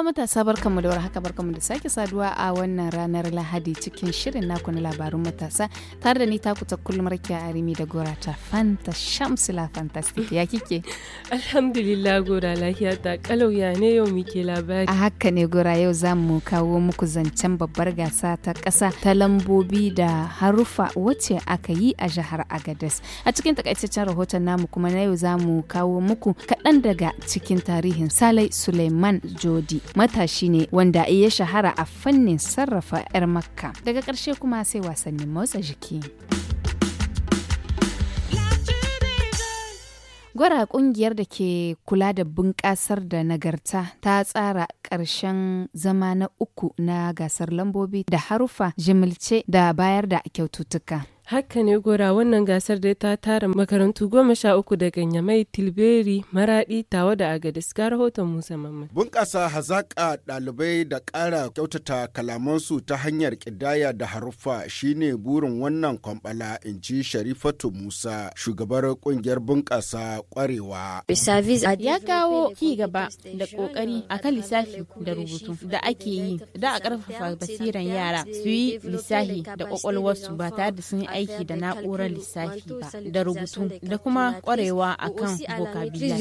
uwa matasa barkanmu da warhaka barkanmu da sake saduwa a wannan ranar Lahadi cikin shirin naku na labarun matasa tare da ni taku ta kullum rakiya arimi da gora ta Fanta Shamsila Fantastic ya kike? Alhamdulillah gora lahiya ta kalau ya ne yau muke labari. A haka ne gora yau za mu kawo muku zancen babbar gasa ta ƙasa ta lambobi da haruffa wacce aka yi a jihar Agadez. A cikin takaitaccen rahoton namu kuma na yau za mu kawo muku kaɗan daga cikin tarihin Salai Suleiman Jodi matashi ne wanda ya shahara a fannin sarrafa 'yar makka daga ƙarshe kuma sai wasannin motsa jiki gwara kungiyar da ke kula da bunƙasar da nagarta ta tsara ƙarshen zama na uku na gasar lambobi da harufa jimilce da bayar da kyaututtuka Haka ne gora wannan gasar dai ta tara makarantu goma sha uku daga Nyamai, Tilberi, Maradi, Tawa da Agadis ga rahoton Musa Mamman. Bunƙasa hazaƙa ɗalibai da ƙara kyautata kalamansu ta hanyar ƙidaya da haruffa shine burin wannan kwambala in ji Sharifatu Musa, shugabar ƙungiyar bunƙasa ƙwarewa. Ya kawo ki gaba da ƙoƙari a kan lissafi da rubutu da ake yi da a ƙarfafa basiran yara su yi lissafi da ƙwaƙwalwarsu ba tare da sun yi aiki da na'urar lissafi ba da rubutu da kuma kwarewa akan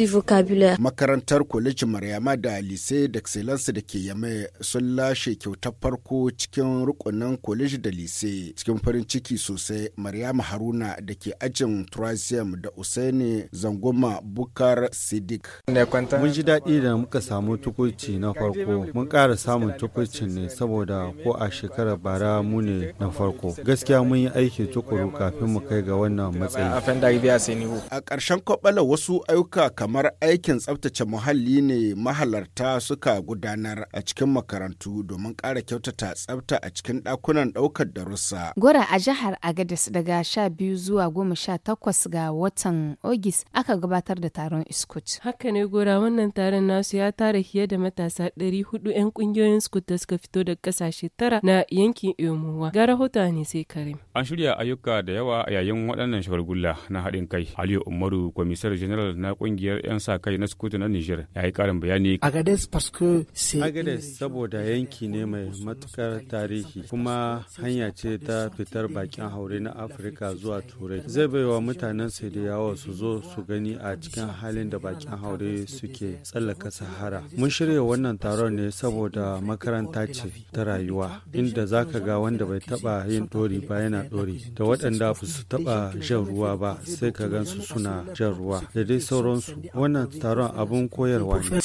vocabulary. Makarantar Kwalejin Maryama da Lise da d'Excellence da ke Yame sun lashe kyautar farko cikin rukunin Kwaleji da Lise cikin farin ciki sosai Maryama Haruna da ke ajin Trazium da Usaini Zangoma Bukar Sidik. Mun ji daɗi da muka samu tukuci na farko. Mun ƙara samun tukucin ne saboda ko a shekarar bara mu ne na farko. Gaskiya mun yi aiki tukuru kafin mu kai ga wannan matsayi. A ƙarshen kwaɓala wasu ayyuka kamar aikin tsaftace muhalli ne mahalarta suka gudanar a cikin makarantu domin ƙara kyautata tsabta a cikin ɗakunan ɗaukar darussa. Gora a jihar Agadis daga sha biyu zuwa goma sha takwas ga watan Ogis aka gabatar da taron Iskut. Haka ne gora wannan taron nasu ya tara fiye da matasa ɗari hudu 'yan ƙungiyoyin Iskut da suka fito daga ƙasashe tara na yankin Iyomowa. Ga rahoton ne sai Karim. An shirya ayyuka ayyuka da yawa a yayin waɗannan shagulgula na haɗin kai. Aliyu Umaru, kwamisar general na ƙungiyar 'yan sa kai na Sukutu na Nijar, ya yi ƙarin bayani. Agades saboda yanki ne mai matukar tarihi kuma hanya ce ta fitar bakin haure na Afirka zuwa Turai. Zai baiwa mutanen sai da yawa su zo su gani a cikin halin da bakin haure suke tsallaka Sahara. Mun shirya wannan taron ne saboda makaranta ce ta rayuwa inda za ka ga wanda bai taɓa yin dori ba yana dori da waɗanda ba su taɓa jan ruwa ba sai ka gansu suna jan ruwa da dai sauransu wannan taron abin koyarwa ne.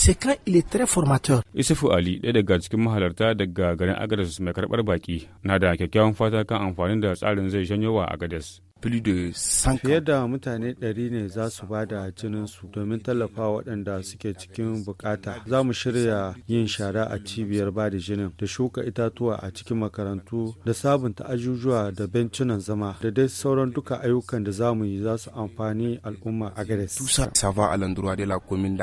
Isufu Ali ɗaya daga cikin mahalarta daga garin Agadez mai karɓar baƙi na da kyakkyawan fata kan amfanin da tsarin zai janyo wa Agadez. Fiye da mutane 100 ne za su ba da jininsu domin tallafa waɗanda suke cikin bukata. Za mu shirya yin shara a cibiyar ba da jinin da shuka itatuwa a cikin makarantu da sabunta ajujuwa da bencunan zama da dai sauran duka ayyukan da za mu yi za su amfani al'umma a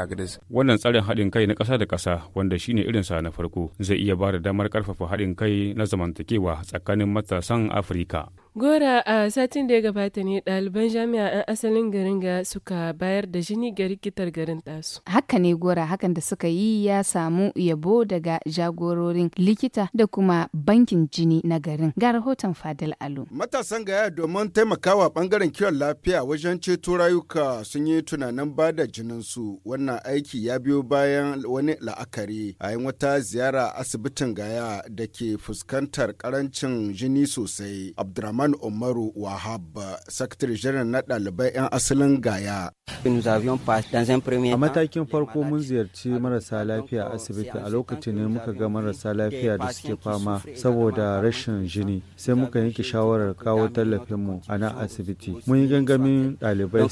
Gades. Wannan tsarin haɗin kai na ƙasa da ƙasa wanda shine irinsa na farko zai iya ba da damar ƙarfafa haɗin kai na zamantakewa tsakanin matasan Afirka. Gora a satin da ya gabata ne ɗaliban jami'a 'yan asalin garin ga suka bayar da jini ga rikitar garin tasu. Haka ne gora hakan da suka yi ya samu yabo daga jagororin likita da kuma bankin jini na garin ga rahoton Fadil Alu. Matasan gaya domin taimakawa bangaren kiwon lafiya wajen ceto rayuka sun yi tunanin ba da jininsu wannan aiki ya biyo bayan wani la'akari a yin wata ziyara asibitin gaya da ke fuskantar karancin jini sosai. Abdurrahman Abdurrahman Umaru Wahab, Sakatare Janar na ɗalibai 'yan asalin Gaya. A matakin farko mun ziyarci marasa lafiya asibiti a lokacin ne muka ga marasa lafiya da suke fama saboda rashin jini sai muka yanke shawarar kawo tallafinmu a nan asibiti. Mun yi gangamin ɗalibai.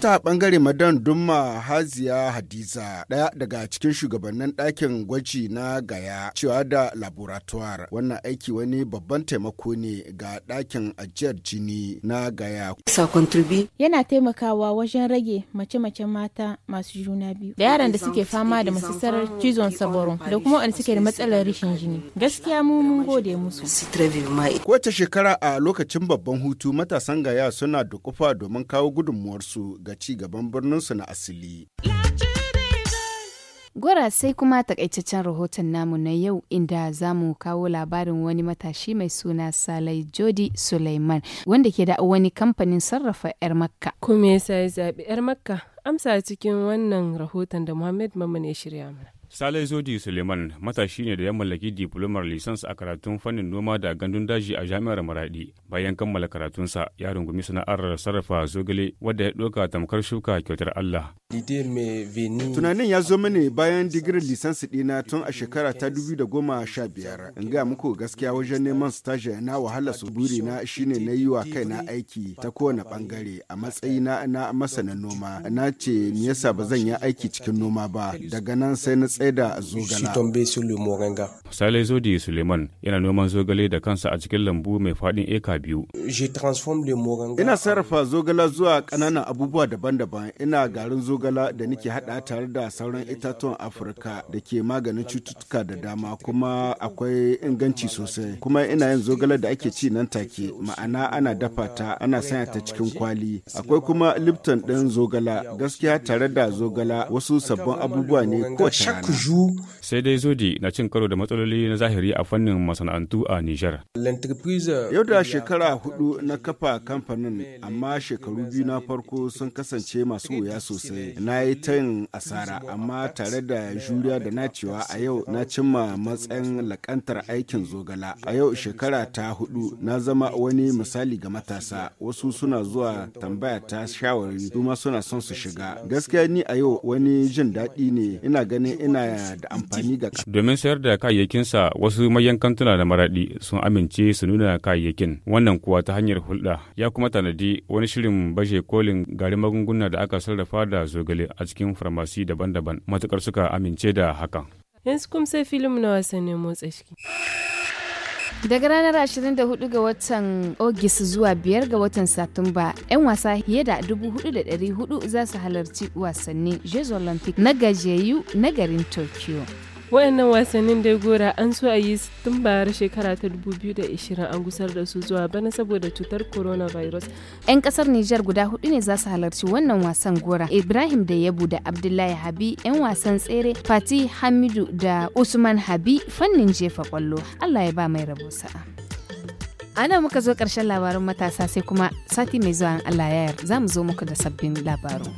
Ta bangare madan Dumma Haziya Hadiza ɗaya daga cikin shugabannin ɗakin gwaji na Gaya cewa da laboratoire wannan aiki wani babban taimako ne ga ɗakin ajiyar jini na gaya. Yana taimakawa wajen rage mace mace mata masu juna biyu da yaran da suke fama da masassarar cizon saboro da kuma wanda suke da matsalar rashin jini. Gaskiya mu mun gode musu. Kowace shekara a lokacin babban hutu matasan gaya suna da kufa domin kawo gudunmuwarsu ga ci gaban birninsu na asili. Gwara sai kuma takaitaccen rahoton namu na yau inda za mu kawo labarin wani matashi mai suna Salai Jodi Suleiman wanda ke da wani kamfanin sarrafa 'yar Makka. Kuma ya zaɓi 'yar Makka? Amsa cikin wannan rahoton da Muhammad Mamman ya shirya mana. Sale Zodi Suleiman matashi ne da ya mallaki diplomar lisans a karatun fannin noma da gandun daji a jami'ar Maradi. Bayan kammala karatunsa ya rungumi sana'ar sarrafa zogale wadda ya ɗauka tamkar shuka kyautar Allah. Tunanin ya zo mini bayan digirin lisans ɗina tun a shekara ta da goma sha biyar. In ga muku gaskiya wajen neman staje na wahala su buri na shine na yi wa kaina aiki ta kowane bangare a matsayi na masanin noma. Na ce me yasa ba zan yi aiki cikin noma ba daga nan sai na tsaida zogala. Sale Zodi Suleiman yana noman zogale da kansa a cikin lambu mai faɗin eka biyu. Ina sarrafa zogala zuwa ƙananan abubuwa daban-daban. Ina garin zogala da nake haɗa tare da sauran itatuwan Afirka da ke maganin cututtuka da dama kuma akwai inganci sosai. Kuma ina yin zogala da ake ci nan take ma'ana ana dafa ta ana sanya ta cikin kwali. Akwai kuma Lipton ɗin zogala gaskiya tare da zogala wasu sabbin abubuwa ne kowace rana. Sai dai Zodi na cin karo da matsaloli na zahiri a fannin masana'antu a Nijar. Yau da shekara hudu na kafa kamfanin amma shekaru biyu na farko sun kasance masu wuya sosai. Na yi tayin asara amma tare da juriya da nacewa a yau na cimma matsayin lakantar aikin zogala. A yau shekara ta hudu na zama wani misali ga matasa wasu suna zuwa tambaya ta shawari duma suna son su shiga. Gaskiya ni a yau wani jin daɗi ne ina ganin ina yana da amfani ga ƙasa. Domin sayar da kayayyakinsa wasu mayan kantuna da maraɗi sun amince su nuna kayayyakin wannan kuwa ta hanyar hulɗa ya kuma tanadi wani shirin bashe kolin garin magunguna da aka sarrafa da zogale a cikin farmasi daban-daban matukar suka amince da hakan. Yanzu kuma sai filim na wasannin motsa shi. Daga ranar 24 ga watan Ogis zuwa 5 ga watan Satumba, 'yan wasa fiye da 4,400 za su halarci wasannin Jeux Olympic na gajiyayyu na garin Tokyo. waɗannan wasannin dai gora an so a yi tun bayar shekara ta 2020 an gusar da su zuwa bana saboda cutar coronavirus. 'Yan kasar Nijar guda hudu ne za su halarci wannan wasan gora. Ibrahim da Yabu da Abdullahi Habi 'yan wasan tsere Fati Hamidu da Usman Habi fannin jefa kwallo. Allah ya ba mai rabo sa'a. ana muka zo karshen labarin matasa sai kuma sati mai zuwa Allah ya yar za mu zo muku da sabbin labaru.